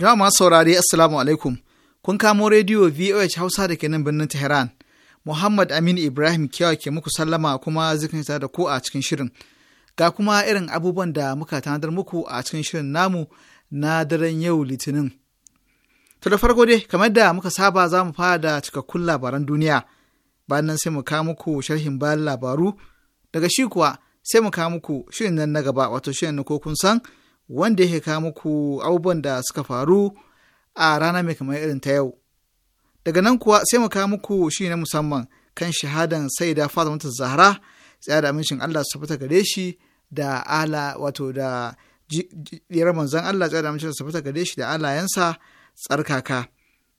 Jama'a masu saurare Assalamu alaikum. Kun kamo rediyo VOH Hausa da ke nan birnin Tehran. Muhammad Aminu Ibrahim Kiyawa ke muku sallama kuma zikin da ku a cikin shirin. Ga kuma irin abubuwan da muka tanadar muku a cikin shirin namu na daren yau Litinin. To da farko dai, kamar da muka saba za mu fara da cikakkun labaran duniya. Bayan nan sai mu kawo muku sharhin bayan labaru. Daga shi kuwa sai mu kawo muku shirin nan na gaba wato shirin na ko kun san wanda yake kawo muku abubuwan da suka faru a rana mai kamar irin ta yau. Daga nan kuwa sai mu kawo muku shi na musamman kan shahadan Saida Fatimatu Zahra tsaya da amincin Allah su fita gare shi da ala wato da diyar manzon Allah tsaya da amincin su fita gare shi da alayensa tsarkaka.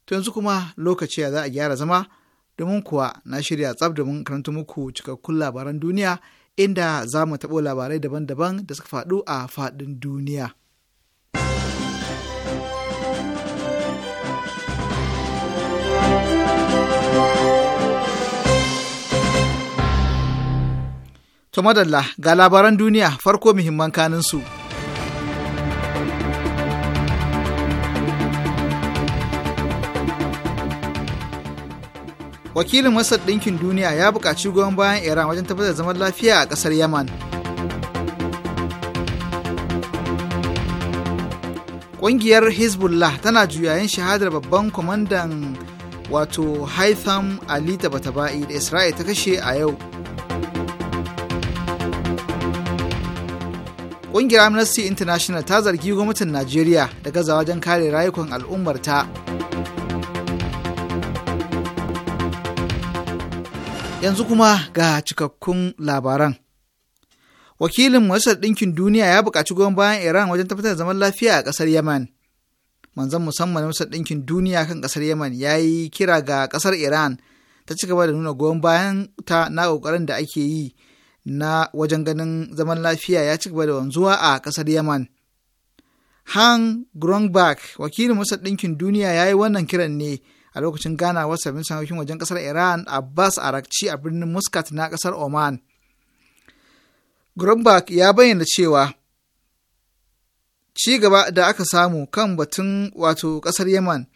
To yanzu kuma lokaci ya za a gyara zama domin kuwa na shirya tsab domin karanta muku cikakkun labaran duniya inda za mu taɓo labarai daban-daban da suka faɗu a faɗin duniya. To madalla ga labaran duniya farko muhimman kaninsu. su. wakilin masar ɗinkin duniya ya buƙaci goyon bayan iran wajen tabbatar zaman lafiya a ƙasar yaman ƙungiyar hezbollah tana juyayen shahadar babban kwamandan wato haitham ali tabatabai da isra'il ta kashe a yau ƙungiyar amnesty international ta zargi gwamnatin najeriya da gazawa wajen kare rayukan al'ummarta Yanzu kuma ga cikakkun labaran. Wakilin Majalisar Ɗinkin Duniya ya buƙaci goyon bayan Iran wajen tabbatar da zaman lafiya a ƙasar Yaman. Manzan musamman Majalisar Ɗinkin Duniya kan ƙasar Yaman ya yi kira ga ƙasar Iran ta ci gaba da nuna goyon bayan ta na ƙoƙarin da ake yi na wajen ganin zaman lafiya ya ci gaba da wanzuwa a ƙasar Yaman. Han Grunberg, wakilin Majalisar Ɗinkin Duniya ya yi wannan kiran ne. a lokacin ganawar sabbin sanokin wajen kasar iran abbas arakci a birnin muscat na kasar oman grunberg ya bayyana cewa ci gaba da aka samu kan batun wato kasar yaman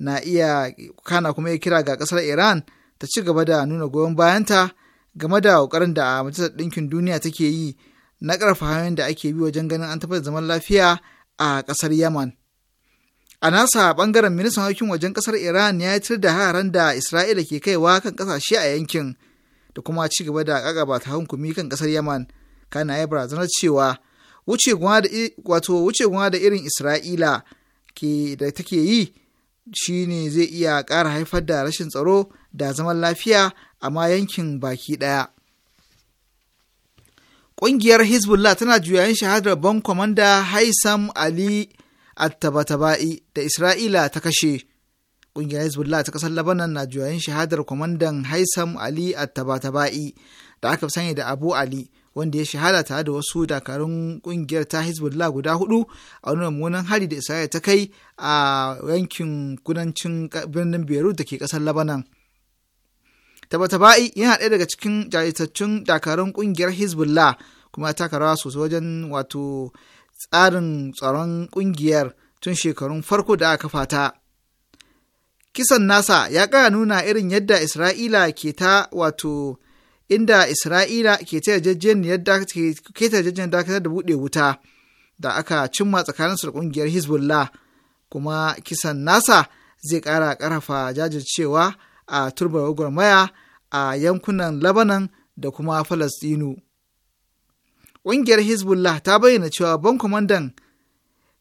na iya kana kuma ya kira ga kasar iran ta ci gaba da nuna goyon bayanta game da kokarin da majalisar ɗinkin duniya take yi na ƙarfa hanyoyin da ake bi wajen ganin an tabbatar zaman lafiya a ƙasar yaman a nasa bangaren ministan harkokin wajen kasar iran ya yi da haran da isra'ila ke kaiwa kan kasashe a yankin da kuma ci gaba da kagaba ta hankumi kan kasar yaman kana ya barazanar cewa wuce guna da irin isra'ila da take yi shine zai iya kara haifar da rashin tsaro da zaman lafiya a yankin baki ɗaya. Ƙungiyar Hezbollah tana juyayin shahadar ban kwamanda Haisam Ali attabataba'i da isra'ila ta kashe ƙungiyar hezbollah ta ƙasar labanan na juyayin shahadar kwamandan haisam ali attabataba'i da aka sani da abu ali wanda ya shahada tare da wasu dakarun ƙungiyar ta hezbollah guda hudu a wani mummunan hari da isra'ila ta kai a yankin kudancin birnin beirut da ke ƙasar labanan tabataba'i yana ɗaya daga cikin jajirtattun dakarun ƙungiyar hezbollah kuma ya taka rawa sosai wajen wato tsarin tsaron ƙungiyar tun shekarun farko da aka fata. Kisan nasa ya ƙara nuna irin yadda Isra'ila ke ta wato inda Isra'ila ke ta yarjejeniyar dakatar da buɗe wuta da aka cimma tsakaninsu da ƙungiyar Hezbollah kuma kisan nasa zai ƙara ƙarfafa jajircewa a turbar gwagwarmaya a yankunan Labanan da kuma Falastinu. ƙungiyar hezbollah ta bayyana cewa ban kwamandan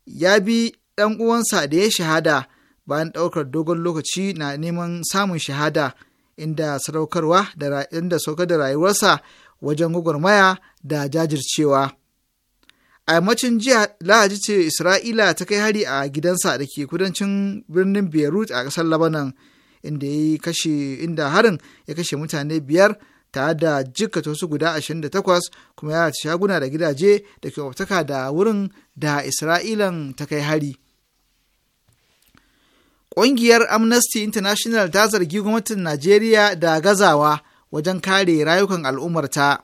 ya bi ɗan uwansa da ya shahada bayan ɗaukar dogon lokaci na neman samun shahada inda sadaukarwa da inda saukar da rayuwarsa wajen gwagwarmaya da jajircewa a yammacin jiya lahaji ce isra'ila ta kai hari a gidansa da ke kudancin birnin beirut a ƙasar labanan inda harin ya kashe mutane biyar ta da ta wasu guda 28 kuma ya ci shaguna da gidaje da ke wataka da wurin da Isra'ilan ta kai hari. Ƙungiyar Amnesty International ta zargi gwamnatin Najeriya da gazawa wajen kare rayukan al'ummarta.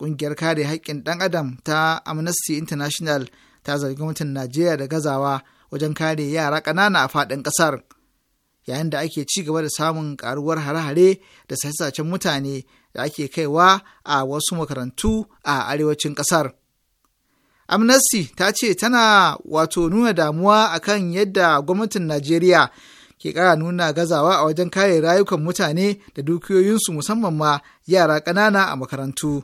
Ƙungiyar kare haƙƙin ɗan adam ta Amnesty International ta zargi gwamnatin Najeriya da gazawa wajen kare yara ƙanana a faɗin ƙasar. yayin da ake ci gaba da samun karuwar hare-hare da sace-sacen mutane da ake kaiwa a wasu makarantu a arewacin ƙasar. Amnesty ta ce tana wato nuna damuwa akan yadda gwamnatin Najeriya ke kara nuna gazawa a wajen kare rayukan mutane da dukiyoyinsu musamman ma yara ƙanana a makarantu.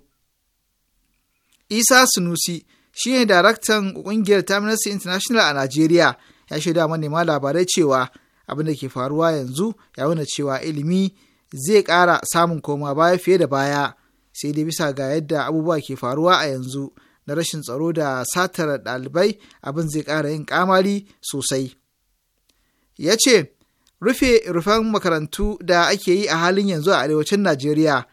Isa Sunusi shi ne daraktan ƙungiyar Amnesty International a Najeriya ya shaida manema labarai cewa abin da ke faruwa yanzu ya wuna cewa ilimi zai ƙara samun koma baya fiye da baya sai dai bisa ga yadda abubuwa ke faruwa a yanzu na rashin tsaro da satar ɗalibai abin zai ƙara yin ƙamari sosai ya ce rufe rufen makarantu da ake yi a halin yanzu a arewacin najeriya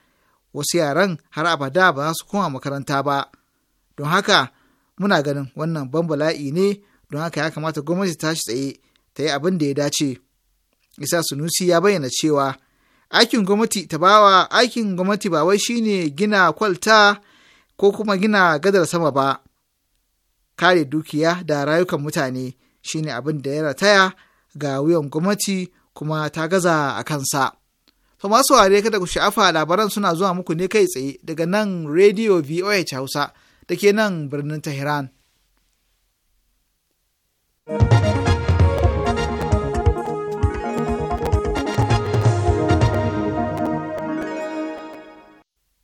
wasu yaran har abada ba za su koma makaranta ba don haka muna ganin wannan ban bala'i ne don haka ya kamata gwamnati ta shi tsaye ta yi abin da ya dace isa sunusi ya bayyana cewa aikin gwamnati ta bawa aikin gwamnati ba wai shine gina kwalta ko kuma gina gadar sama ba kare dukiya da rayukan mutane shine abin da ya rataya ga wuyan gwamnati kuma ta gaza a kansa to masu ware kada ku sha'afa labaran suna zuwa muku ne kai tsaye daga nan radio voh hausa da ke nan birnin tehran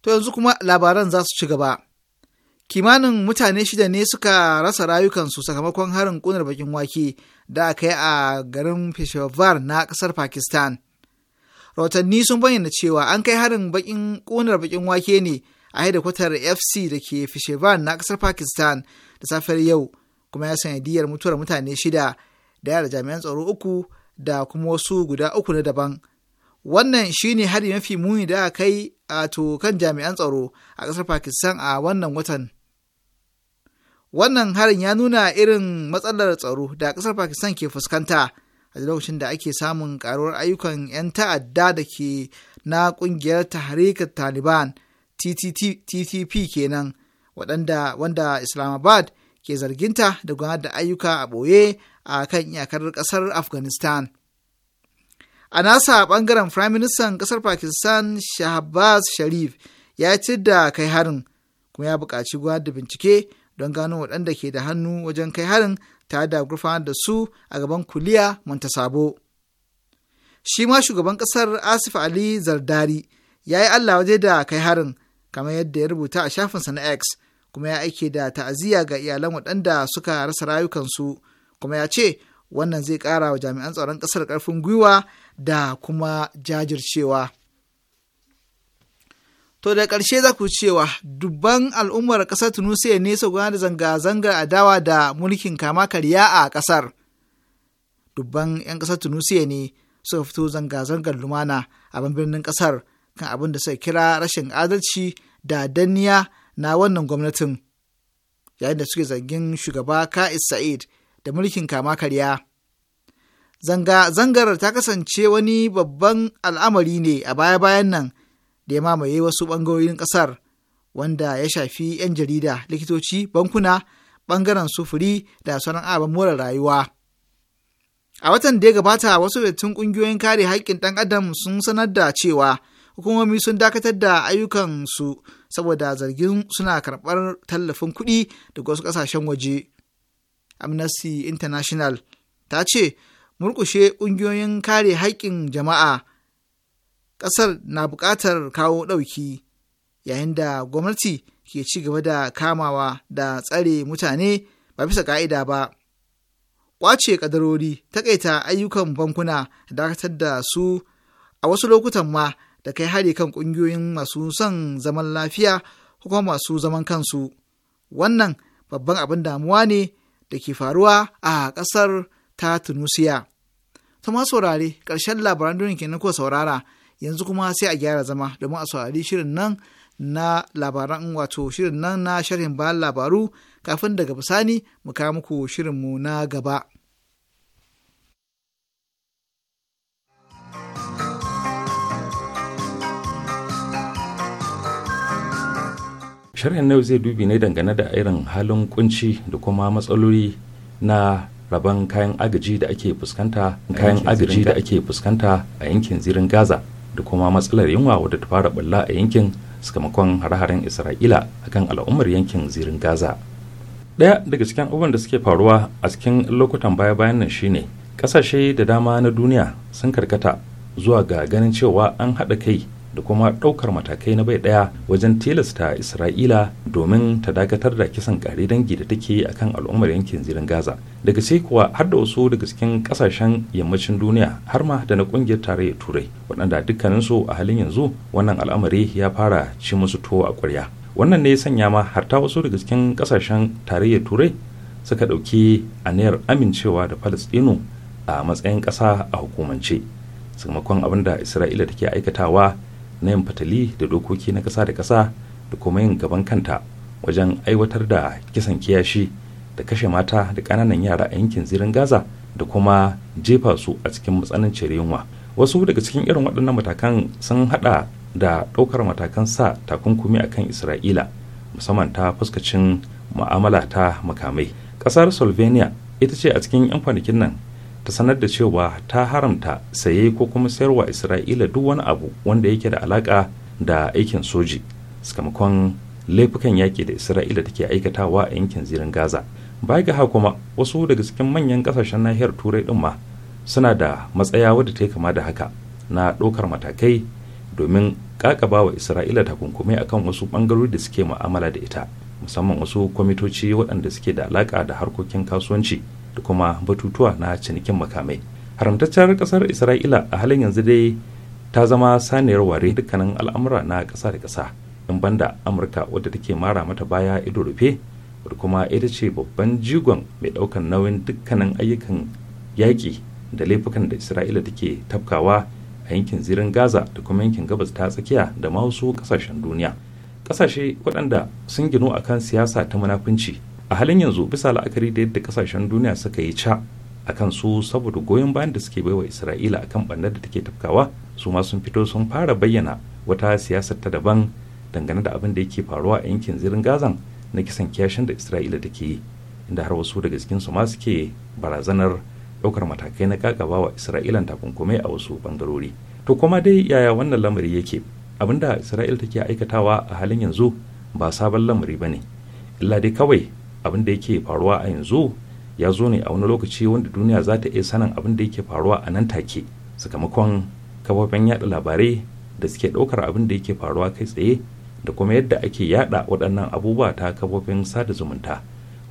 To yanzu kuma labaran za su ci gaba. Kimanin mutane shida ne suka rasa rayukansu sakamakon harin kunar bakin wake da aka yi a garin Peshawar na ƙasar Pakistan. Rahotanni sun bayyana cewa an kai harin bakin ƙunar bakin wake ne a kwatar FC da ke Peshawar na ƙasar Pakistan da safiyar yau kuma ya sanadiyar mutuwar mutane shida da yara jami'an tsaro uku da kuma wasu guda uku na daban. Wannan shine hari mafi muni da aka kai a to kan jami'an tsaro a ƙasar Pakistan a wannan watan. Wannan harin ya nuna irin matsalar tsaro da ƙasar Pakistan ke fuskanta a lokacin da ake samun ƙaruwar ayyukan 'yan ta'adda da ke na ƙungiyar tahrikar Taliban TTP kenan waɗanda wanda Islamabad ke zarginta da gudanar da ayyuka a ɓoye a kan iyakar ƙasar Afghanistan. a nasa bangaren firaministan kasar pakistan shahbaz sharif ya ci da kai harin kuma ya buƙaci gudanar da bincike don gano waɗanda ke da hannu wajen kai harin tare da gurfanar da su a gaban kuliya sabo shi ma shugaban ƙasar asif ali zardari ya yi allah waje da kai harin kamar yadda ya rubuta a shafinsa na x kuma ya aike da ta'aziyya ga iyalan waɗanda suka rasa rayukansu kuma ya ce wannan zai ƙara wa jami'an tsaron ƙasar karfin gwiwa da kuma jajircewa. To da ƙarshe za ku cewa dubban al'ummar ƙasar tunisiya ne su gudanar da zanga-zangar adawa da mulkin kama karya a ƙasar. Dubban 'yan ƙasar tunisiya ne suka fito zanga-zangar lumana a birnin ƙasar kan abin da suka kira rashin adalci da danniya na wannan gwamnatin. Yayin da suke zargin shugaba Ka'is Sa'id da mulkin kama karya. Zanga-zangar ta kasance wani babban al'amari ne a baya-bayan nan da ya mamaye wasu ɓangarorin ƙasar wanda ya shafi 'yan jarida, likitoci, bankuna, ɓangaren sufuri da sauran ababen more rayuwa. A watan da ya gabata wasu dattin ƙungiyoyin kare haƙƙin ɗan adam sun sanar da cewa hukumomi sun dakatar da ayyukan su saboda zargin suna karɓar tallafin kuɗi daga wasu ƙasashen waje. Amnesty International ta ce murkushe ƙungiyoyin kare haƙƙin jama'a ƙasar na buƙatar kawo ɗauki yayin da gwamnati ke ci gaba da kamawa da tsare mutane ba bisa ƙa'ida ba ƙwace ƙadarori taƙaita ayyukan bankuna dakatar da su a wasu lokutan ma da kai hari kan ƙungiyoyin masu son zaman lafiya ko kuma masu zaman kansu wannan babban abin damuwa ne da ke faruwa a ƙasar ta Tunusiya. ma saurare ƙarshen labaran duniya kenan ko saurara yanzu kuma sai a gyara zama domin a saurari shirin nan na labaran wato shirin nan na sharhin bayan labaru kafin daga bisani mu kawo muku shirinmu na gaba. Sharhin yau zai dubi ne dangane da irin halin kunci da kuma matsaloli na rabon kayan agaji da ake fuskanta kayan agaji da ake fuskanta a yankin zirin gaza da kuma matsalar yunwa wadda ta fara bulla a yankin sakamakon hare-haren isra'ila akan al'ummar yankin zirin gaza daya daga cikin abubuwan da suke faruwa a cikin lokutan baya-bayan nan shine kasashe da dama na duniya sun karkata zuwa ga ganin cewa an haɗa kai da kuma ɗaukar matakai na bai ɗaya wajen tilasta isra'ila domin ta dakatar da kisan ƙare dangi da take a kan al'ummar yankin zirin gaza daga sai kuwa har da wasu daga cikin ƙasashen yammacin duniya har ma da na ƙungiyar tarayyar turai waɗanda dukkaninsu a halin yanzu wannan al'amari ya fara ci musu tuwo a ƙwarya wannan ne ya sanya ma har ta wasu daga cikin ƙasashen tarayyar turai suka ɗauki aniyar amincewa da falastinu a matsayin ƙasa a hukumance sakamakon abin da isra'ila take aikatawa na yin fatali da dokoki na ƙasa da ƙasa da kuma yin gaban kanta wajen aiwatar da kisan kiyashi da kashe mata da ƙananan yara a yankin zirin gaza da kuma jefa su a cikin matsanancin yunwa wasu daga cikin irin waɗannan matakan sun haɗa da ɗaukar matakan sa takunkumi a kan isra'ila musamman ta fuskacin ma'amala ta makamai ƙasar slovenia ita ce a cikin 'yan kwanakin nan ta sanar da cewa ta haramta saye ko kuma sayarwa isra'ila duk wani abu wanda yake da alaka da aikin soji sakamakon laifukan yaƙi da isra'ila take aikatawa a yankin zirin gaza baya ga haka kuma wasu daga cikin manyan kasashen nahiyar turai din ma suna da matsaya wadda ta kama da haka na ɗaukar matakai domin kakaba wa isra'ila takunkumi akan wasu bangarori da suke mu'amala da ita musamman wasu kwamitoci waɗanda suke da alaka da harkokin kasuwanci da kuma batutuwa na cinikin makamai haramtacciyar kasar isra'ila a halin yanzu dai ta zama saniyar ware dukkanin al'amura na ƙasa da ƙasa in banda amurka wadda take mara mata baya ido rufe wadda kuma ita ce babban jigon mai ɗaukan nauyin dukkanin ayyukan yaƙi da laifukan da isra'ila take tafkawa a yankin zirin gaza da kuma yankin gabas ta tsakiya da ma wasu ƙasashen duniya ƙasashe waɗanda sun ginu akan siyasa ta munafunci a halin yanzu bisa la'akari da yadda kasashen duniya suka yi ca a kan su saboda goyon bayan da suke baiwa isra'ila akan bannar da take tafkawa su ma sun fito sun fara bayyana wata siyasar ta daban dangane da abin da yake faruwa a yankin zirin gazan na kisan kiyashin da isra'ila take yi inda har wasu daga cikin su ma suke barazanar ɗaukar matakai na kakaba wa isra'ilan takunkumai a wasu bangarori to kuma dai yaya wannan lamari yake abinda isra'ila take aikatawa a halin yanzu ba sabon lamari ba ne illa dai kawai abin da yake faruwa a yanzu ya zo ne a wani lokaci wanda duniya za ta iya sanin abin da yake faruwa a nan take sakamakon kafofin yada labarai da suke ɗaukar abin da yake faruwa kai tsaye da kuma yadda ake yada waɗannan abubuwa ta kafofin sada zumunta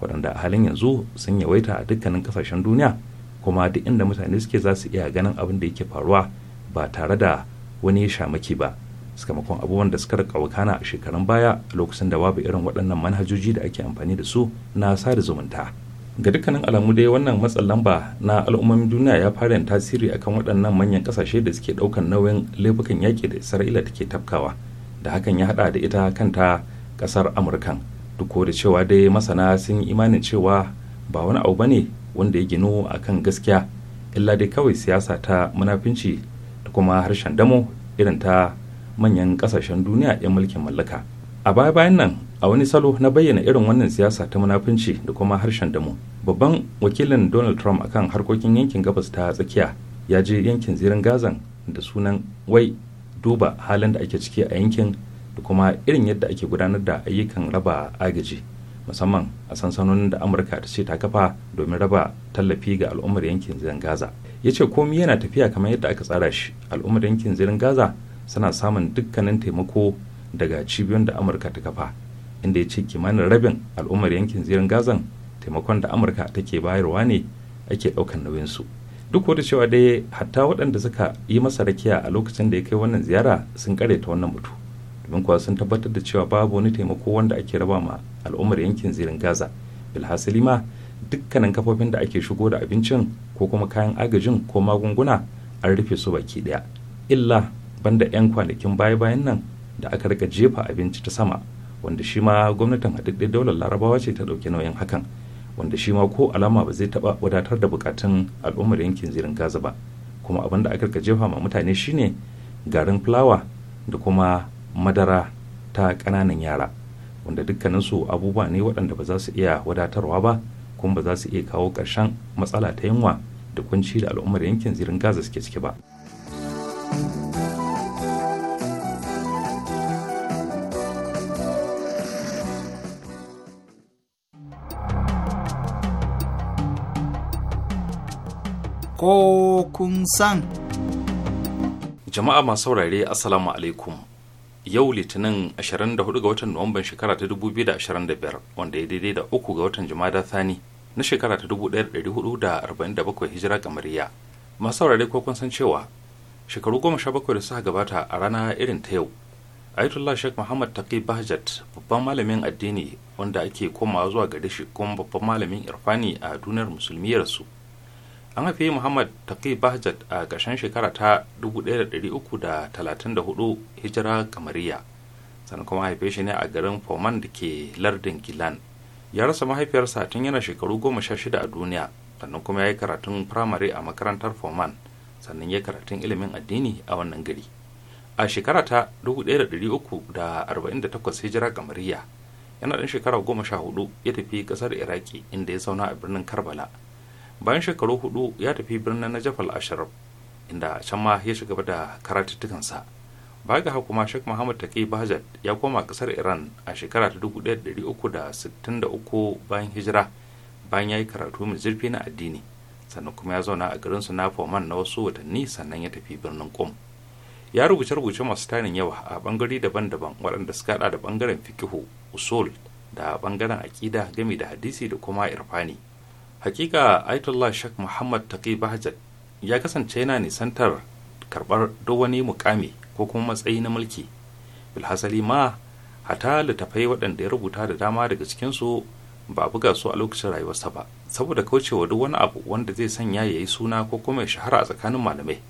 waɗanda a halin yanzu sun yawaita a dukkanin kasashen duniya kuma duk inda mutane suke za su iya ganin abin da yake faruwa ba tare da wani shamaki ba sakamakon abubuwan da suka rika wakana a shekarun baya lokacin da babu irin waɗannan manhajoji da ake amfani da su na sada zumunta ga dukkanin alamu dai wannan matsan lamba na al'ummomin duniya ya fara yin tasiri akan waɗannan manyan ƙasashe da suke ɗaukan nauyin laifukan yaƙi da isra'ila take tafkawa da hakan ya haɗa da ita kanta ƙasar amurkan duk da cewa dai masana sun yi imanin cewa ba wani abu bane wanda ya gino akan gaskiya illa dai kawai siyasa ta munafinci da kuma harshen damo irin ta manyan kasashen duniya ya mulkin mallaka a baya bayan nan a wani salo na bayyana irin wannan siyasa ta munafunci da kuma harshen damu babban wakilin donald trump akan harkokin yankin gabas ta tsakiya ya je yankin zirin gazan da sunan wai duba halin da ake ciki a yankin da kuma irin yadda ake gudanar da ayyukan raba agaji musamman a sansanonin da amurka ta ce ta kafa domin raba tallafi ga al'ummar yankin zirin gaza ya ce komi yana tafiya kamar yadda aka tsara shi al'ummar yankin zirin gaza suna samun dukkanin taimako daga cibiyoyin da amurka ta kafa inda ya ce kimanin rabin al'ummar yankin zirin gazan taimakon da amurka take bayarwa ne ake ɗaukan su duk wata cewa dai hatta waɗanda suka yi masa rakiya a lokacin da ya kai wannan ziyara sun kare ta wannan mutu domin kuwa sun tabbatar da cewa babu wani taimako wanda ake raba ma al'ummar yankin zirin gaza bilhassali ma dukkanin kafofin da ake shigo da abincin ko kuma kayan agajin ko magunguna an rufe su baki ɗaya illa banda 'yan kwanakin baya-bayan nan da aka rika jefa abinci ta sama wanda shi ma gwamnatin haɗaɗɗen daular larabawa ce ta ɗauki nauyin hakan wanda shi ma ko alama ba zai taɓa wadatar da bukatun al'ummar yankin zirin gaza ba kuma abin da aka rika jefa ma mutane shine garin fulawa da kuma madara ta ƙananan yara wanda dukkaninsu abubuwa ne waɗanda ba za su iya wadatarwa ba kuma ba za su iya kawo ƙarshen matsala ta yunwa da kunci da al'ummar yankin zirin gaza suke ciki ba. thank you ko kun san. Jama'a masu saurare Assalamu alaikum. Yau Litinin 24 ga watan Nuwamban shekara ta 2025 wanda ya daidai da uku ga watan Jumada Thani na shekara ta 1447 hijira Mariya. Masu saurare ko kun san cewa shekaru goma sha bakwai da suka gabata a rana irin ta yau. Ayatollah Sheikh Muhammad Taqi Bahjat babban malamin addini wanda ake komawa zuwa gare shi kuma babban malamin irfani a duniyar musulmiyar su an haife muhammad taqi bahjat a ƙarshen shekara ta 1334 hijira kamariya sannan kuma haife shi ne a garin foman da ke lardin gilan ya rasa mahaifiyarsa tun yana shekaru goma a duniya sannan kuma ya yi karatun firamare a makarantar foman sannan ya karatun ilimin addini a wannan gari a shekara ta 1348 hijira kamariya yana ɗan shekara goma sha hudu ya tafi ƙasar iraki inda ya zauna a birnin karbala bayan shekaru hudu ya tafi birnin najaf al-asharaf inda can ma ya shiga da karatuttukansa ba ga kuma Sheikh Muhammad Taqi bajad ya koma kasar Iran a shekara ta 1363 bayan hijira bayan ya yi karatu mai zurfi na addini sannan kuma ya zauna a garin na Foman na wasu watanni sannan ya tafi birnin kum ya rubuce rubuce masu tanin yawa a bangare daban-daban waɗanda suka hada da bangaren fikihu usul da bangaren aƙida gami da hadisi da kuma irfani hakika aitullah shak muhammad taqi bahjat ya kasance yana nisantar karbar duk wani mukami ko kuma matsayi na mulki bilhasali ma hata littafai waɗanda ya rubuta da dama daga cikinsu ba a buga su a lokacin rayuwarsa ba saboda kaucewa duk wani abu wanda zai sanya ya yi suna ko kuma ya shahara a tsakanin malamai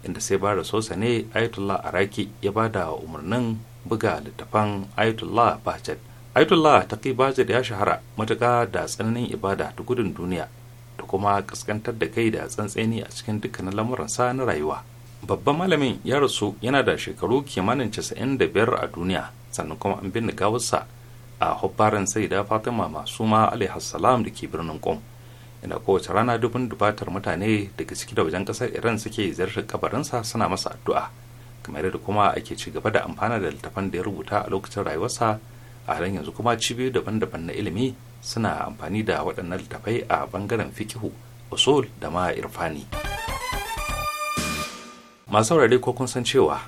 inda sai ba da ne ayatollah araki ya ba da umarnin buga littafan ayatullah bahjat Aitullah ta kai da ya shahara matuƙa da tsananin ibada ta gudun duniya da kuma kaskantar da kai da tsantseni a cikin dukkanin lamuransa na rayuwa. Babban malamin ya rasu yana da shekaru kimanin casa'in da biyar a duniya sannan kuma an binne gawarsa a hubbaran sai da Fatima masu ma salam da ke birnin Qom. Ina kowace rana dubin dubatar mutane daga ciki da wajen ƙasar Iran suke ziyartar kabarinsa suna masa addu'a. Kamar da kuma ake ci gaba da amfana da littafan da ya rubuta a lokacin rayuwarsa a ran yanzu kuma cibiyoyi daban-daban na ilimi suna amfani da waɗannan littafai a bangaren fikihu usul da ma irfani masu saurare ko kun san cewa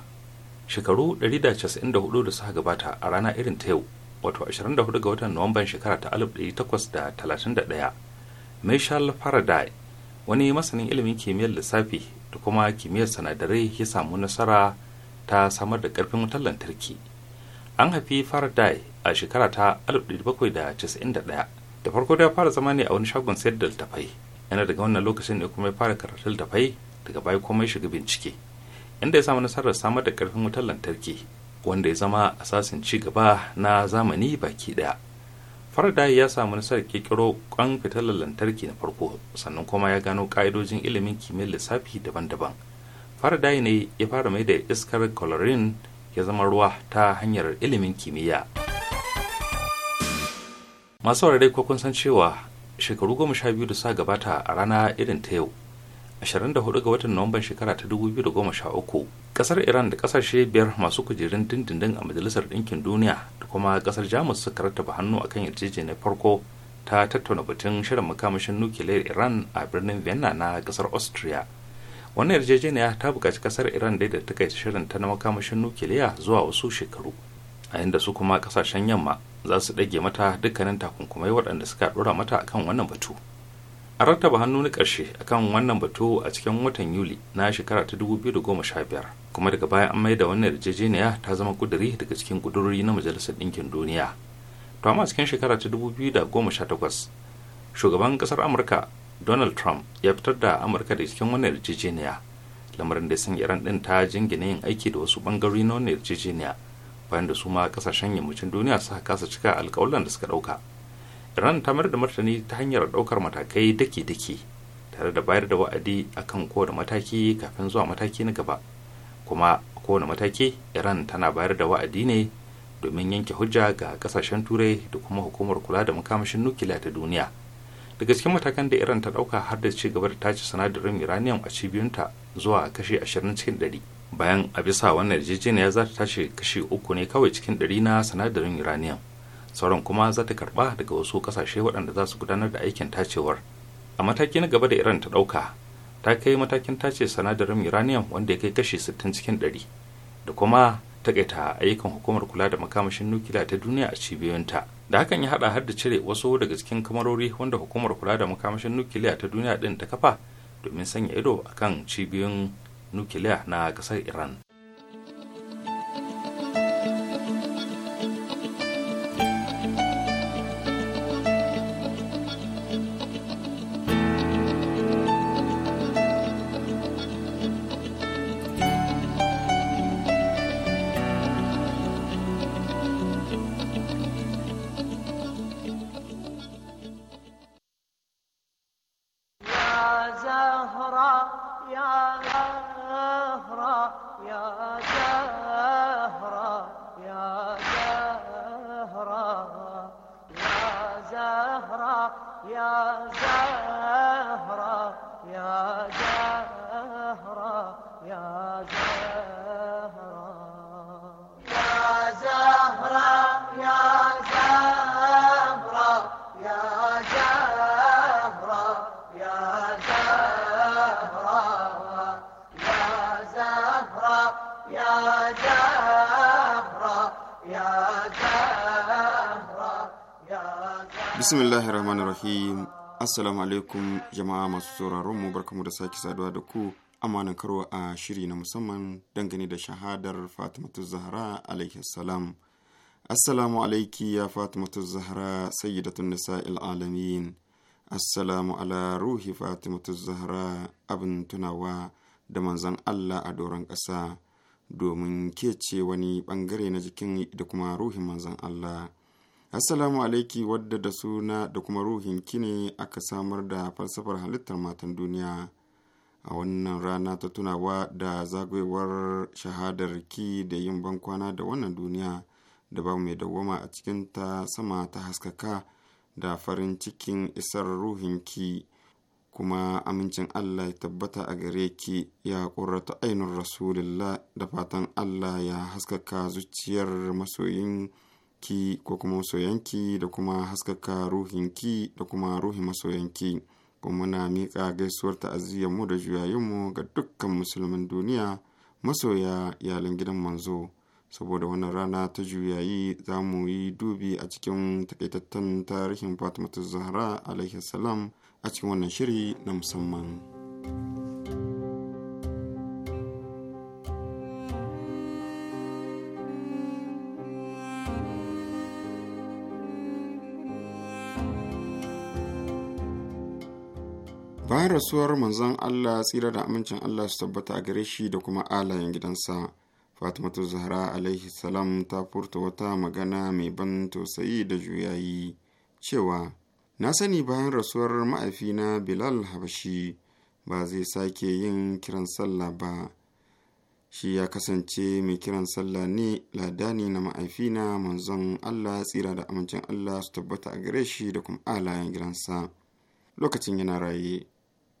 shekaru 194 da suka gabata a rana irin ta yau wato 24 ga watan nuwamban shekara ta 1831 michel faraday wani masanin ilimin kimiyyar lissafi da kuma kimiyyar sanadarai ya samu nasara ta samar da karfin wutar lantarki an haifi faraday a shekara ta 1791 da farko da ya fara zama ne a wani shagon sayar da littafai yana daga wannan lokacin ne kuma ya fara karatu littafai daga baya kuma ya shiga bincike inda ya samu nasarar samar da karfin wutar lantarki wanda ya zama asasin ci gaba na zamani baki daya faraday ya samu nasarar kirkiro kwan fitilar lantarki na farko sannan kuma ya gano ka'idojin ilimin kimiyyar lissafi daban-daban faraday ne ya fara mai da iskar chlorine ya zama ruwa ta hanyar ilimin kimiyya masu warare ko kun san cewa shekaru goma sha biyu da sa gabata a rana irin ta yau 24 ga watan nuwamban shekara ta 2013 kasar iran da kasashe biyar masu kujerun dindindin a majalisar ɗinkin duniya da kuma kasar jamus suka rattaba hannu akan yarjejeniyar farko ta tattauna batun shirin makamashin nukiliyar iran a birnin vienna na kasar austria wannan yarjejeniya ta bukaci ƙasar iran dai da ta kai shirin ta na makamashin nukiliya zuwa wasu shekaru a inda su kuma kasashen yamma za su ɗage mata dukkanin takunkumai waɗanda suka ɗora mata akan wannan batu a rattaba hannu na ƙarshe akan wannan batu a cikin watan yuli na shekara ta biyar. kuma daga baya an da wannan yarjejeniya ta zama kuduri daga cikin kudurori na majalisar ɗinkin duniya to amma cikin shekara ta takwas. shugaban ƙasar amurka donald trump ya fitar da amurka da cikin wani yarjejeniya lamarin da sun iran din ta jingina yin aiki da wasu bangarori na wani yarjejeniya bayan da su ma kasashen yammacin duniya su ka kasa cika alkawalan da suka dauka iran ta mayar da martani ta hanyar daukar matakai dake-dake tare da bayar da wa'adi akan kowane mataki kafin zuwa mataki na gaba kuma kowane mataki iran tana bayar da wa'adi ne domin yanke hujja ga kasashen turai da kuma hukumar kula da makamashin nukiliya ta duniya daga cikin matakan da iran ta dauka har da ci gaba da tace sanadarin uranium a cibiyunta zuwa kashi 20 cikin 100 bayan a bisa wannan yarjejeniya za ta tashi kashi uku ne kawai cikin 100 na sanadarin uranium sauran kuma za ta karba daga wasu kasashe waɗanda za su gudanar da aikin tacewar a mataki na gaba da iran ta dauka ta kai matakin tace sinadarin uranium wanda ya kai kashi 60 cikin 100 da kuma takaita ayyukan hukumar kula da makamashin nukiliya ta duniya a cibiyoyinta da hakan ya haɗa har da cire wasu daga cikin kamarori wanda hukumar kula da makamashin nukiliya ta duniya din ta kafa domin sanya ido akan cibiyoyin nukiliya na kasar iran rahim assalamu alaikum jama'a masu sauraron mu barkamu da sake saduwa da ku amanan karo a shiri na musamman dangane da shahadar fatimatu zahra alaihi salam assalamu alaiki ya fatimatu zahra sayyidatun nisa'il alamin assalamu ala ruhi fatimatu zahra abin tunawa da manzan allah a doron ƙasa domin ke ce wani bangare na jikin da kuma ruhin manzan allah Assalamu alaiki wadda da suna da kuma ruhin kine aka samar da falsafar halittar matan duniya a wannan rana ta tunawa da zagayowar shahadar ki da yin bankwana da wannan duniya da ba mai dawoma a cikin ta sama ta haskaka da farin cikin isar ruhin ki kuma amincin Allah ya tabbata a gare ki ya ƙurata ainihin rasulillah da fatan Allah ya haskaka zuciyar masoyin ki ko kuma masoyanki da kuma haskaka ruhinki da kuma ruhin masoyanki kuma muna miƙa gaisuwar mu da juyayinmu ga dukkan musulmin duniya masoya iyalan gidan manzo saboda wannan rana ta juyayi za mu yi dubi a cikin takaitattun tarihin fatimatu zahra a cikin wannan shiri na musamman. bayan rasuwar manzon Allah tsira da amincin Allah su tabbata a gare shi da kuma alayen gidansa Fatimatu Zahra alaihi salam ta furta wata magana mai ban tausayi da juyayi cewa na sani bayan rasuwar ma'aifina Bilal Habashi ba zai sake yin kiran sallah ba shi ya kasance mai kiran sallah ne ladani na ma'aifina manzon Allah tsira da amincin Allah su tabbata a gare shi da kuma alayen gidansa lokacin yana raye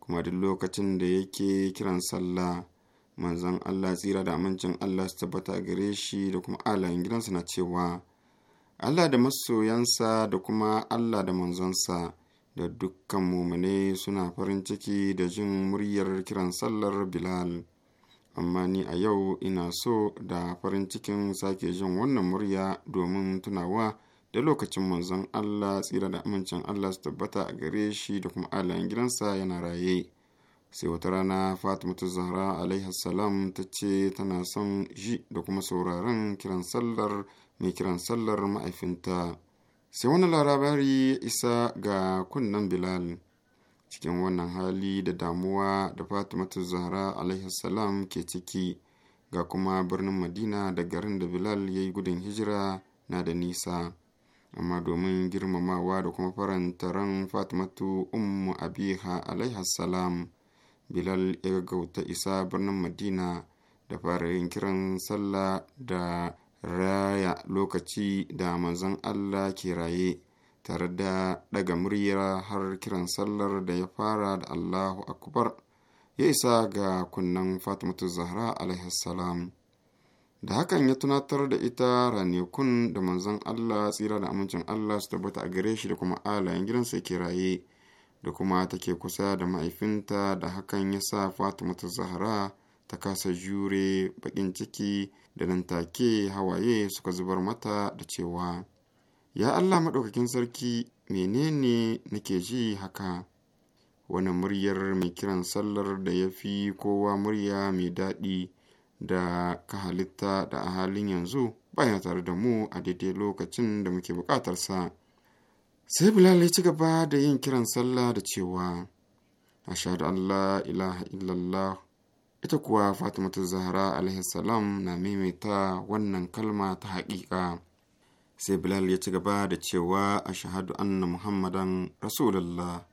kuma duk lokacin da yake kiran sallah manzon Allah tsira da amincin Allah su tabbata gare shi da kuma alayin gidansa na cewa Allah da masoyansa da kuma Allah da manzonsa da dukkan mumune suna farin ciki da jin muryar kiran sallar Bilal. Amma ni a yau ina so da farin cikin sake jin wannan murya domin tunawa da lokacin manzon Allah tsira da amincin Allah su tabbata a gare shi da kuma alayen gidansa yana raye sai wata rana Fatima ta zahra alaihi salam ta ce tana son ji da kuma sauraron kiran sallar mai kiran sallar ma'aifinta sai wani labari ya isa ga kunnen bilal cikin wannan hali da damuwa da Fatima ta zahra alaihi salam ke ciki ga kuma birnin madina da garin da bilal ya yi gudun hijira na da nisa amma domin girmamawa da kuma faranta ran fatimatu ummu abiha alaiha salam bilal ya gauta isa birnin madina da fara yin kiran sallah da raya lokaci da manzon allah ke raye tare da daga murya har kiran sallar da ya fara da allahu akbar ya isa ga kunnen fatimatu zahra alaihi salam da hakan ya tunatar da ita ranekun, da manzon Allah tsira da amincin Allah su tabbata a gare shi da kuma alayen gidansa yake raye da kuma take kusa da mahaifinta da hakan ya sa Fatima ta Zahra ta kasa jure bakin ciki da nan take hawaye suka zubar mata da cewa ya Allah maɗaukakin sarki menene nake ji haka wani muryar mai kiran sallar da ya fi kowa murya mai daɗi da ka halitta da a halin yanzu baya tare da mu a daidai lokacin da muke sa. Sai Bilal ya ci gaba da yin kiran sallah da cewa, Ashadu Allah ilaha illallah, ita kuwa Fatimatu Zahra alaihi salam na maimaita wannan kalma ta haƙiƙa. Sai Bilal ya ci gaba da cewa Ashadu Anna Muhammadan Rasulullah,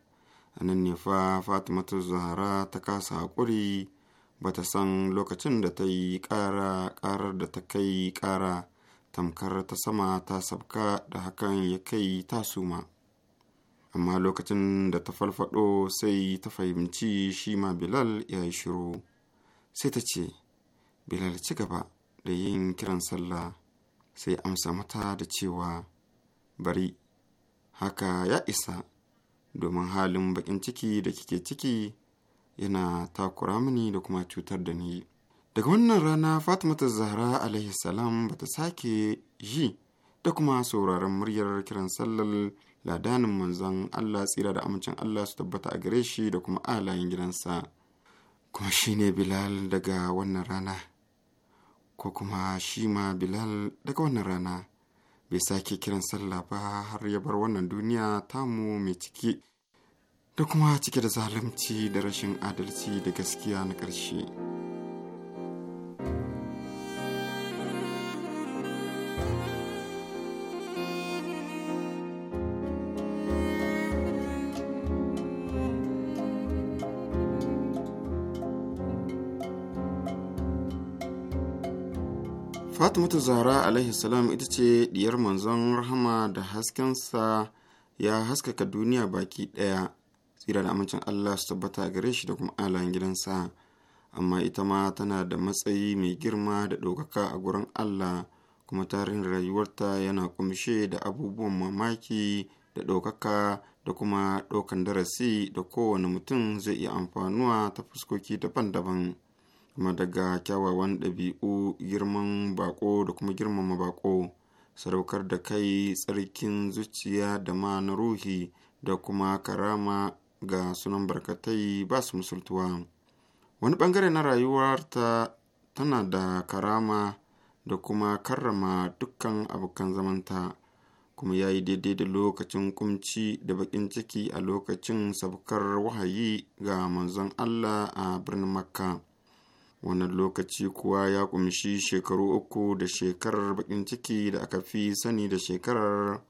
a nan ne fa Fatimatu Zahra ta kasa haƙuri bata san lokacin da ta yi ƙara ƙarar da ta kai ƙara tamkar ta sama ta sabka da hakan ya kai ta suma amma lokacin da ta falfado sai ta fahimci shi ma bilal ya yi shiru sai ta ce bilal ci gaba da yin kiran sallah sai amsa mata da cewa bari haka ya isa domin halin bakin ciki da kike ciki yana takura mini da kuma cutar da ni daga wannan rana fatimata zahra alaihi salam ta sake yi da kuma sauraron muryar kiran sallar ladanin manzon allah tsira da amincin allah su tabbata a gare shi da kuma alayin gidansa kuma shi ne bilal daga wannan rana ko kuma shi ma bilal daga wannan rana bai sake kiran sallah ba har ya bar wannan duniya tamu mai ciki da kuma cike da zalunci da rashin adalci da gaskiya na ƙarshe. Fatimatu Zahra alaihi salam ita ce diyar manzon rahama da haskensa ya haskaka duniya baki ɗaya. tsira da amincin Allah su tabbata gare shi da kuma alayen gidansa amma ita ma tana da matsayi mai girma da ɗaukaka a gurin Allah kuma tarihin rayuwarta yana kumshe da abubuwan mamaki da ɗaukaka da kuma ɗaukan darasi da kowane mutum zai iya amfanuwa ta fuskoki daban-daban kuma daga kyawawan ɗabi'u girman bako da kuma girmama bako sadaukar da kai tsarkin zuciya da ma na ruhi da kuma karama ga sunan barkatai ba su musultuwa wani bangare na rayuwarta tana da karama da kuma karrama dukkan abokan zamanta kuma ya yi daidai da lokacin kumci da bakin ciki a lokacin sabkar wahayi ga manzon Allah a birnin Makka. Wannan lokaci kuwa ya kumshi shekaru uku da shekarar bakin ciki da aka fi sani da shekarar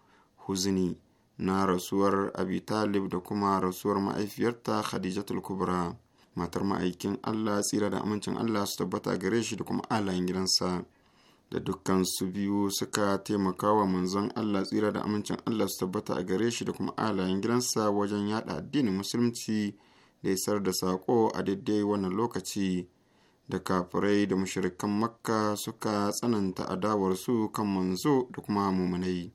huzini na rasuwar abi talib da kuma rasuwar ma'aifiyarta khadijatul kubra matar ma'aikin allah tsira da amincin allah su tabbata gare shi da kuma alayin gidansa da dukkan su biyu suka taimaka wa manzon allah tsira da amincin allah su tabbata a gare shi da kuma alayin gidansa wajen yada addinin musulunci da isar da sako a daidai wannan lokaci da kafirai da mashirikan makka suka tsananta adawarsu kan manzo da kuma mumunai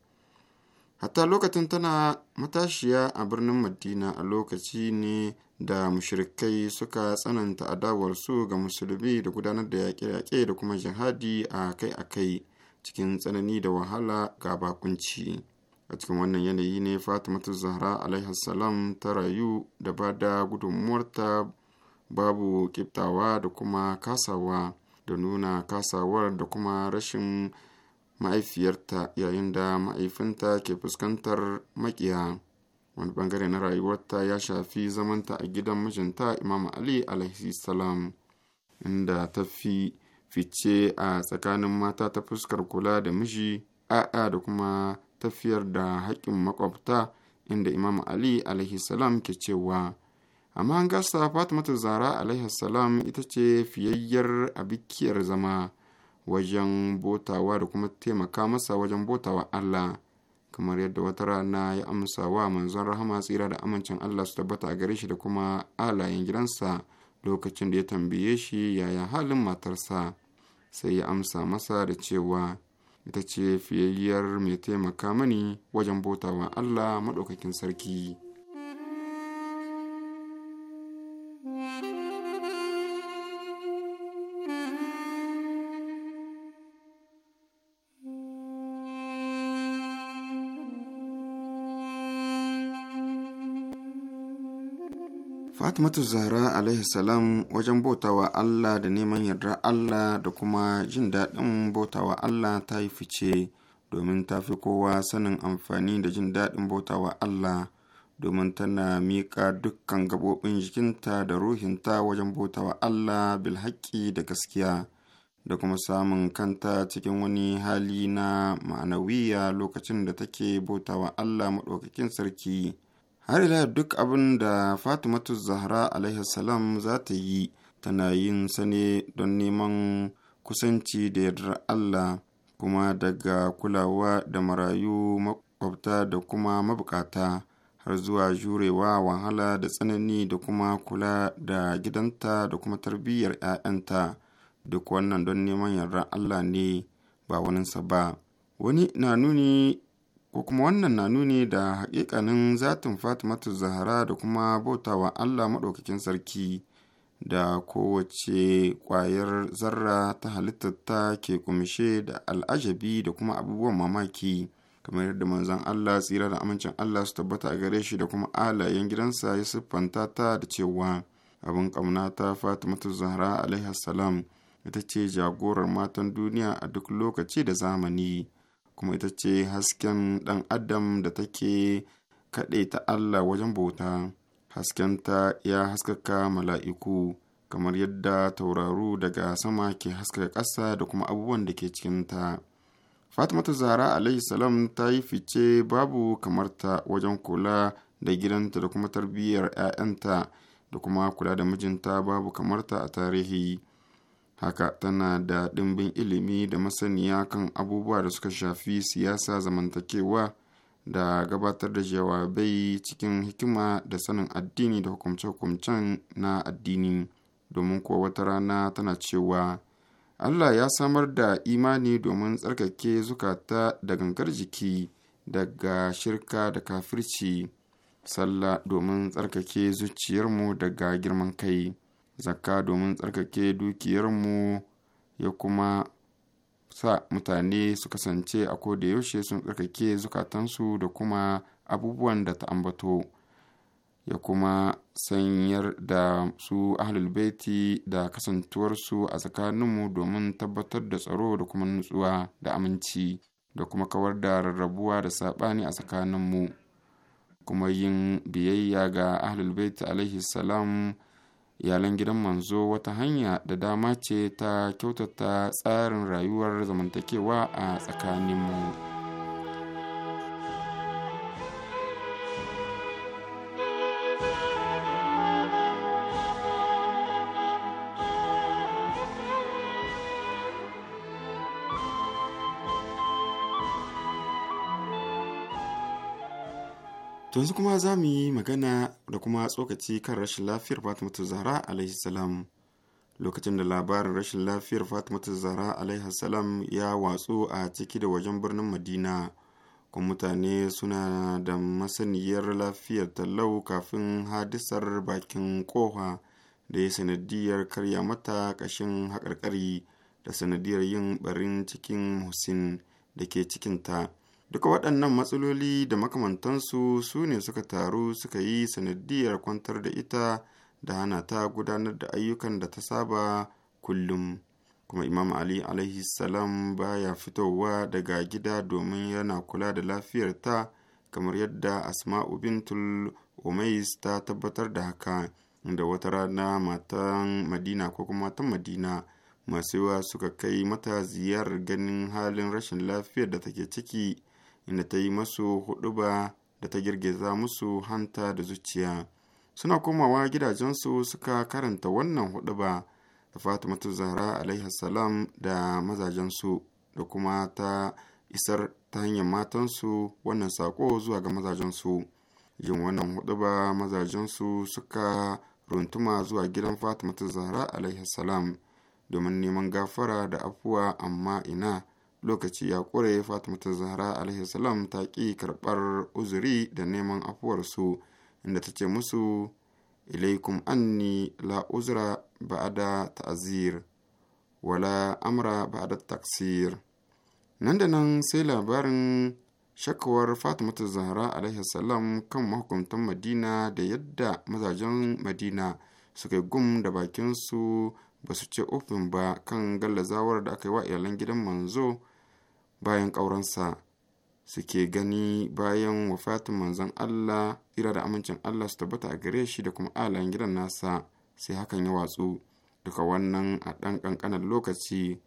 hatta lokacin tana matashiya a birnin madina a lokaci ne da mushirikai suka tsananta adawarsu ga musulmi da gudanar da yaƙe-yaƙe da kuma jihadi a kai a kai cikin tsanani da wahala ga bakunci a cikin wannan yanayi ne fatimatu zahra alaihassalam ta rayu da ba da gudunmuwarta babu kiftawa da kuma kasawa da nuna kasawar da kuma rashin mahaifiyarta yayin da mahaifinta ke fuskantar makiya wani bangare na rayuwarta ya shafi zamanta a gidan mijinta imam ali alaihi salam inda ta fi fice a tsakanin mata ta fuskar kula da miji a'a da kuma tafiyar da haƙƙin makwabta inda imam ali alaihi salam ke cewa amma an gasa fatimatu zara alaihi salam ita ce fiyayyar bikiyar zama wajen botawa da kuma taimaka masa wajen botawa Allah kamar yadda wata rana ya amsa wa manzon rahama tsira da amincin Allah su tabbata a gare shi da kuma alayen gidansa lokacin da ya tambaye shi yaya halin matarsa sai ya amsa masa da cewa ita ce fiyayyar mai taimaka mani wajen botawa Allah maɗaukakin sarki. fatimatu zahra alaihi salam wajen bautawa allah da neman yardar allah da kuma jin daɗin bautawa allah ta yi fice domin ta fi kowa sanin amfani da jin daɗin bautawa allah domin tana miƙa dukkan gaɓoɓin jikinta da ruhinta wajen bautawa allah bilhaƙi da gaskiya da kuma samun kanta cikin wani hali na ma'anawiya lokacin da take bautawa allah maɗaukakin sarki har ila duk abin da fatimatu zahra alaihi salam za ta yi tana yin sane don neman kusanci da yardar allah kuma daga kulawa da marayu makwabta da kuma mabukata har zuwa jurewa wahala da tsanani da kuma kula da gidanta da kuma tarbiyyar 'ya'yanta duk wannan don neman yardar allah ne ba waninsa ba wani na nuni ko kuma wannan na nuni da haƙiƙanin zatin fatimatu zahara da kuma bautawa allah maɗaukakin sarki da kowace ƙwayar zarra ta halittata ke kumshe da al'ajabi da kuma abubuwan mamaki kamar yadda manzon allah tsira da amincin allah su tabbata a gare shi da kuma alayen gidansa ya siffanta ta da cewa abin ƙaunata fatimatu zahra alaihi ita ce jagorar matan duniya a duk lokaci da zamani kuma ita ce hasken ɗan adam da take kaɗe ta Allah wajen bauta haskenta ya haskaka mala'iku kamar yadda tauraru daga sama ke haskaka ƙasa da kuma abubuwan da ke cikinta. ta zara alaihi salam ta yi fice babu kamarta wajen kula da gidanta da kuma tarbiyyar ‘ya'yanta da kuma kula da mijinta babu kamarta a tarihi. haka tana da ɗimbin ilimi da masaniya kan abubuwa da suka shafi siyasa zamantakewa da gabatar da jawabai cikin hikima da sanin addini da hukumce-hukumcen na addini domin kuwa wata rana tana cewa Allah ya samar da imani domin tsarkake zukata da gangar jiki daga shirka da kafirci sallah domin tsarkake zuciyarmu daga girman kai zakka domin tsarkake dukiyarmu ya kuma sa mutane su kasance a da yaushe sun tsarkake zukatansu da kuma abubuwan da ta ambato ya kuma sanyar da su ahlul baiti da kasantuwarsu a tsakaninmu domin tabbatar da tsaro da kuma nutsuwa da aminci da kuma kawar da rarrabuwa da saɓani a tsakaninmu kuma yin biyayya ga ahlul baiti alaihi salam iyalan gidan manzo wata hanya da dama ce ta kyautata tsarin rayuwar zamantakewa a tsakaninmu. yanzu kuma za mu yi magana da kuma tsokaci kan rashin lafiyar fatimatu zahra alaihi salam lokacin da labarin rashin lafiyar fatimatu zahra alaihi salam ya watsu a ciki da wajen birnin madina kuma mutane suna da masaniyar lafiyar talau kafin hadisar bakin koha da ya sanadiyar karya mata ƙashin haƙarƙari da sanadiyar yin barin cikin Husin da ke cikinta Duka waɗannan matsaloli da makamantansu su ne suka taru suka yi sanadiyar kwantar da ita da hana ta gudanar da ayyukan da ta saba kullum. Kuma Imam Ali alaihi salam baya fitowa daga gida domin yana kula da lafiyarta kamar yadda Asma'u bintul Umais ta tabbatar da haka inda wata rana matan Madina ko kuma matan Madina masu yawa suka kai mata ziyar ganin halin rashin lafiyar da take ciki. inda ta yi masu huɗuba da ta girgiza musu hanta da zuciya suna komawa gidajensu suka karanta wannan huɗuba da fatimatu zahra alaihi salam da mazajensu da kuma ta isar ta hanyar matansu wannan saƙo zuwa ga mazajensu yin wannan huɗuba mazajensu suka runtuma zuwa gidan fatimatu zahra alaihi salam domin neman gafara da afuwa amma ina lokaci ya ƙure fatimata zahra salam ta ƙi karɓar uzuri da neman afuwarsu inda ta ce musu ilaikum anni la uzra ba'ada ta'azir wala amra ba'ada taksir nan da nan sai labarin Fatima fatimata zahra salam kan mahukuntan madina da yadda mazajen madina suka gum da bakinsu ba su ce ofin ba kan gallazawar da aka yi wa iyalan gidan manzo bayan ƙauransa suke gani bayan wafatin manzon Allah tsira da amincin Allah su tabbata a gare shi da kuma alayen gidan nasa sai hakan ya watsu duka wannan a ɗan ƙanƙanan lokaci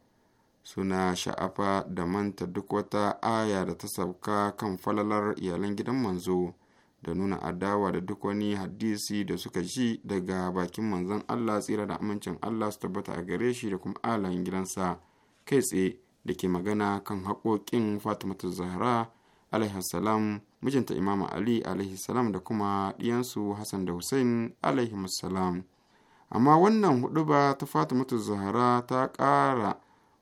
suna sha'afa da manta duk wata aya da ta sauka kan falalar iyalan gidan manzo da nuna adawa da duk wani hadisi da suka ji daga bakin manzon Allah tsira da amincin Allah su tabbata a gare shi da kuma alayen gidansa kai tsaye da ke magana kan haƙoƙin fatimatu zahra alaihi salam mijinta imam ali alaihi salam da kuma ɗiyansu hassan da hussein alaihi salam amma wannan huɗuba ta fatimatu zahra ta ƙara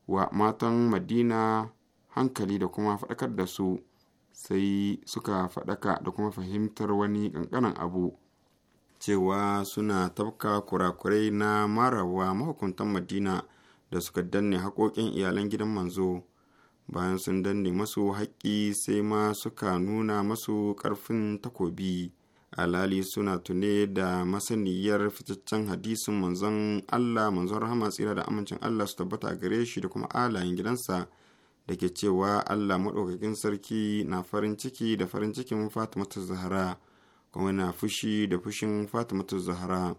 wa matan madina hankali da kuma faɗakar da su sai suka faɗaka da kuma fahimtar wani ƙanƙanan abu cewa suna tafka kurakurai na marawa mahukuntan madina da suka danne haƙoƙin iyalan gidan manzo bayan sun danne masu haƙƙi sai ma suka nuna masu ƙarfin takobi alali suna tune da masaniyar fitaccen hadisin manzon allah manzon rahama tsira da amincin allah su tabbata a gare shi da kuma alayen gidansa da ke cewa allah maɗaukakin sarki na farin ciki da farin cikin fatimatu zahara kuma na fushi da fushin fatimatu zahara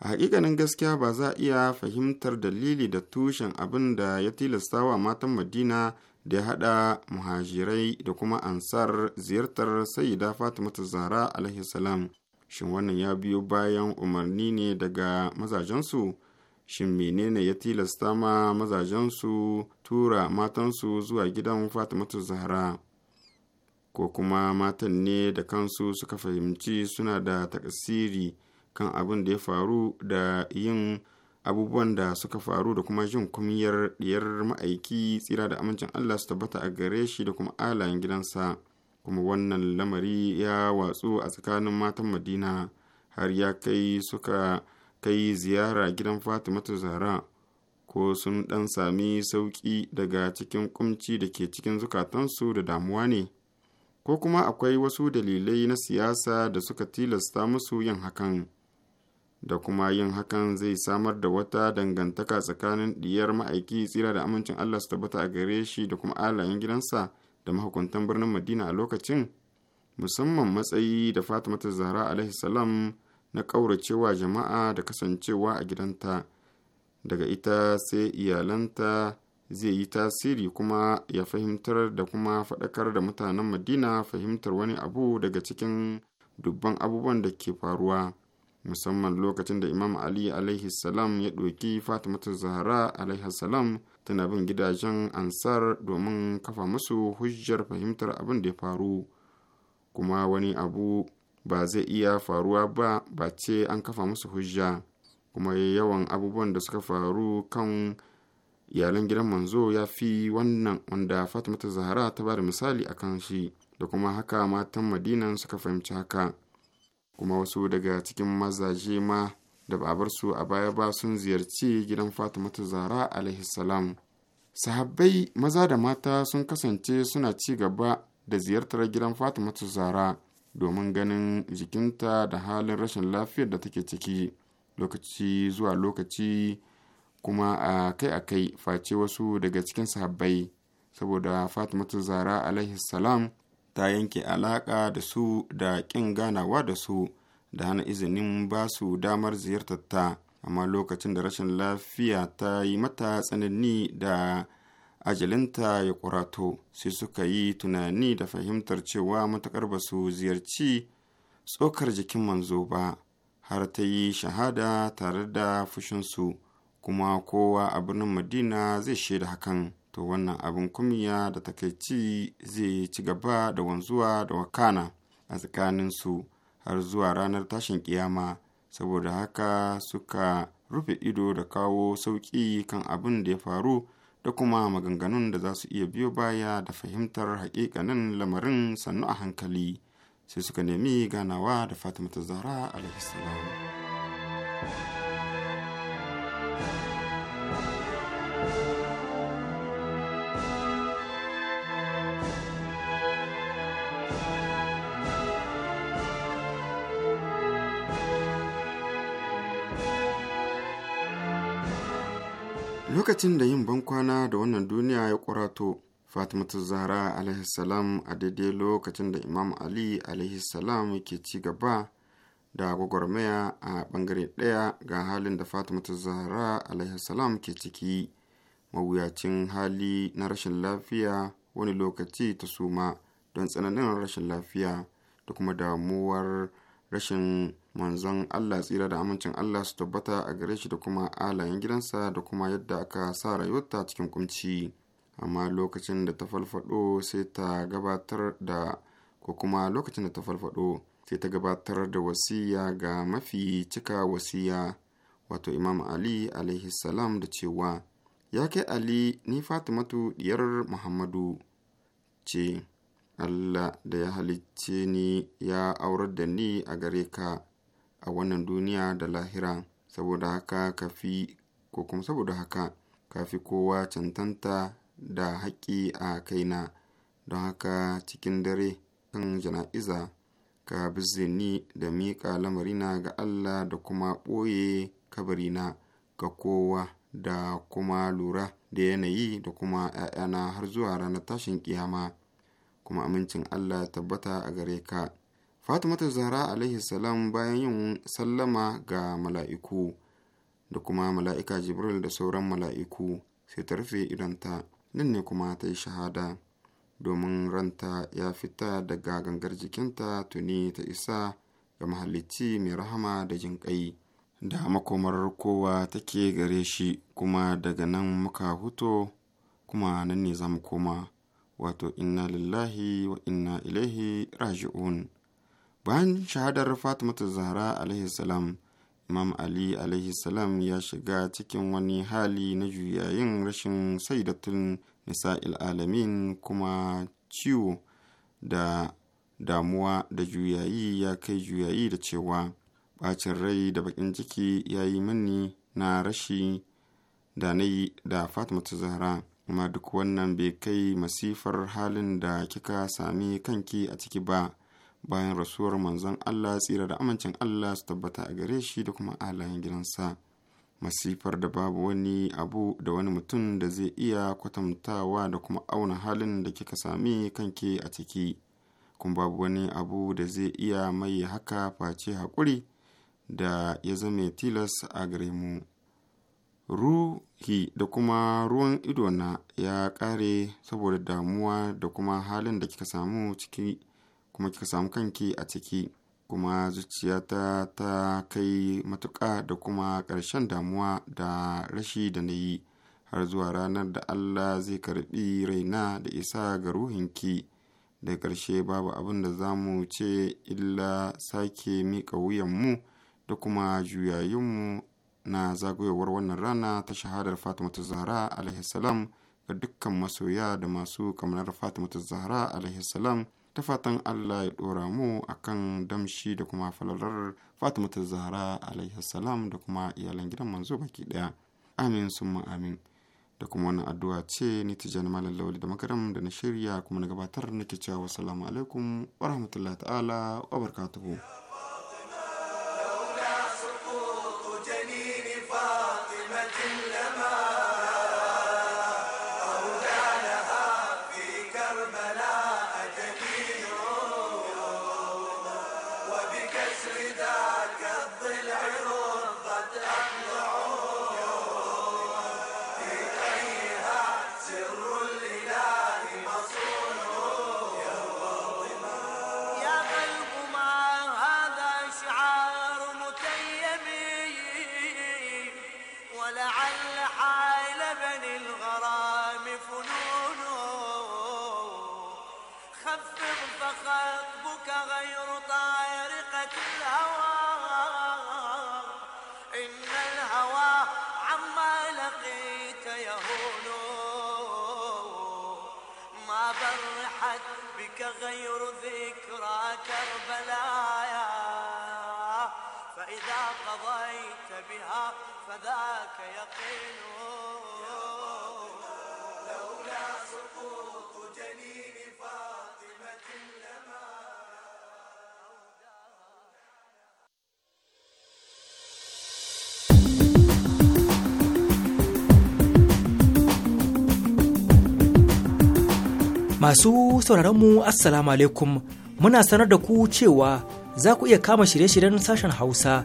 a hakikanin gaskiya ba za a iya fahimtar dalili da tushen abin da ya tilasta wa matan madina da ya haɗa muhajirai da kuma ansar ziyartar sayyida fatimata zara alaihi salam shin wannan ya biyo bayan umarni ne daga mazajensu shin menene ya tilasta ma mazajensu tura matansu zuwa gidan fatimatu zahra ko kuma matan ne da kansu suka fahimci suna da takasiri kan abin da ya faru da yin abubuwan da suka faru da kuma jin kumiyar diyar ma'aiki tsira da amincin Allah su tabbata a gare shi da kuma alayen gidansa kuma wannan lamari ya watsu a tsakanin matan madina har ya kai suka kai ziyara gidan fatimatu zahra ko sun ɗan sami sauki daga cikin kumci da ke cikin zukatansu da damuwa ne ko kuma akwai wasu dalilai na siyasa da suka tilasta musu yin hakan da kuma yin hakan zai samar da wata dangantaka tsakanin diyar ma'aiki tsira da amincin Allah su tabbata a gare shi da kuma alayen gidansa da mahukuntan birnin Madina a lokacin musamman matsayi da ta Zahra alaihi na kauracewa jama'a da kasancewa a gidanta daga ita sai iyalanta zai yi tasiri kuma ya fahimtar da kuma faɗakar da mutanen Madina fahimtar wani abu daga cikin dubban abubuwan da ke faruwa. musamman lokacin da imam ali alaihi salam ya ɗoki fatimatu zahra alaihi salam tana bin gidajen ansar domin kafa musu hujjar fahimtar abin da ya faru kuma wani abu ba zai iya faruwa ba ba ce an kafa musu hujja kuma yawan abubuwan da suka faru kan iyalan gidan manzo ya fi wannan wanda fatimatu zahara ta ba da misali kan shi da kuma haka matan madinan suka fahimci haka kuma wasu daga cikin mazaje ma da babar su a baya ba sun ziyarci gidan ta zara alaihi salam sahabbai maza da mata sun kasance suna ci gaba da ziyartar gidan fatimatu zara domin ganin jikinta da halin rashin lafiyar da take ciki lokaci zuwa lokaci kuma a kai a kai face wasu daga cikin sahabbai saboda ta zara alaihi salam ta yanke alaƙa da su da ƙin ganawa da su da hana izinin ba su damar ziyartar ta amma lokacin da rashin lafiya ta yi mata tsanani da ajalinta ya kurato sai suka yi tunani da fahimtar cewa matakar ba su ziyarci tsokar jikin manzo ba har ta yi shahada tare da fushinsu kuma kowa a birnin madina zai shaida hakan to wannan abin kumiya da takaici zai ci gaba da wanzuwa da wakana a tsakaninsu har zuwa ranar tashin kiyama saboda haka suka rufe ido da kawo sauƙi kan abin da ya faru da kuma maganganun da za su iya biyo baya da fahimtar haƙiƙanin lamarin sannu a hankali sai suka nemi ganawa da fatima ta zahra alaihissalam lokacin da yin bankwana da wannan duniya ya kurato fatimatu zahra alaihi salam a daidai lokacin da imam ali alaihi salam ke ci gaba da gwagwarmaya a bangare ɗaya ga halin da fatimatu zahra alaihi salam ke ciki mawuyacin hali na rashin lafiya wani lokaci ta suma don tsananin rashin lafiya da kuma damuwar rashin manzon Allah tsira da amincin Allah su tabbata a gare shi da kuma alayen gidansa da kuma yadda aka sa rayuwarta cikin kunci amma lokacin da ta falfado sai ta gabatar da ko kuma lokacin da ta falfado sai ta gabatar da wasiya ga mafi cika wasiya wato imam ali alaihi salam da cewa ya kai ali ni fatimatu diyar muhammadu ce allah da ya halicce ni ya aurar da ni a gare ka a wannan duniya da lahira saboda haka ka fi ko saboda haka ka fi kowa cantanta da haƙƙi a kaina don haka cikin dare kan jana'iza ka bizze ni da miƙa lamarina ga Allah da kuma ɓoye kabarina ga kowa da kuma lura da yanayi da kuma ‘ya'yana har zuwa ranar tashin kiyama kuma amincin Allah tabbata a gare ka. fatimatu zahra alaihi salam bayan yin sallama ga mala'iku da kuma mala'ika jibril da sauran mala'iku sai ta rufe idanta nan ne kuma ta yi shahada domin ranta ya fita daga gangar jikinta tuni ta isa ga mahalicci mai rahama da jin ƙai da makomar kowa take gare shi kuma daga nan muka huto kuma nan ne za mu koma wato inna lillahi wa inna ilaihi raji'un bayan shahadar fatimata zahra alaihi salam imam ali alaihi salam ya shiga cikin wani hali na juyayin rashin saidatun nisa'il alamin kuma ciwo da damuwa da juyayi ya kai juyayi da cewa bacin rai da bakin ciki ya yi mini na rashi da na yi da fatimata zahra kuma duk wannan bai kai masifar halin da kika sami kanki a ciki ba bayan rasuwar manzon Allah tsira da amincin Allah su tabbata a gare shi da kuma alayen gidansa masifar da babu wani abu da wani mutum da zai iya kwatantawa da kuma auna halin da kika sami kanke a ciki kuma babu wani abu da zai iya mai haka face haƙuri da ya zame tilas a gare mu ruhi da kuma ruwan idona ya ƙare saboda damuwa da kuma halin da kika samu ciki kuma kika samu kanki a ciki kuma zuciyata ta kai matuƙa da kuma ƙarshen damuwa da rashi da na yi har zuwa ranar da Allah zai karbi raina da isa ga ruhinki da ƙarshe babu abin da za mu ce illa sake miƙa wuyanmu da kuma juyayinmu na zagayowar wannan rana ta shahadar fatimatu zahra alaihi salam ga dukkan masoya da masu kamar fatimatu zahra alaihi salam ta fatan Allah ya ɗora mu akan damshi da kuma falalar Fatima ta Zahra alaihi salam da kuma iyalan gidan manzo baki ɗaya. Amin summa amin. Da kuma wani addu'a ce ni Tijjani Malam Lawali da makaram da na shirya kuma na gabatar nake cewa wassalamu alaikum wa rahmatullahi ta'ala wa barakatuhu. ولعل حال بني الغرام فنون خفض فخطبك غير طارقة الهوى إن الهوى عما لقيت يهون ما برحت بك غير ذكرى كربلايا فإذا قضيت بها فذاك يقين لولا سقوط Masu sauraronmu Assalamu alaikum muna sanar da ku cewa za ku iya kama shirye-shiryen sashen Hausa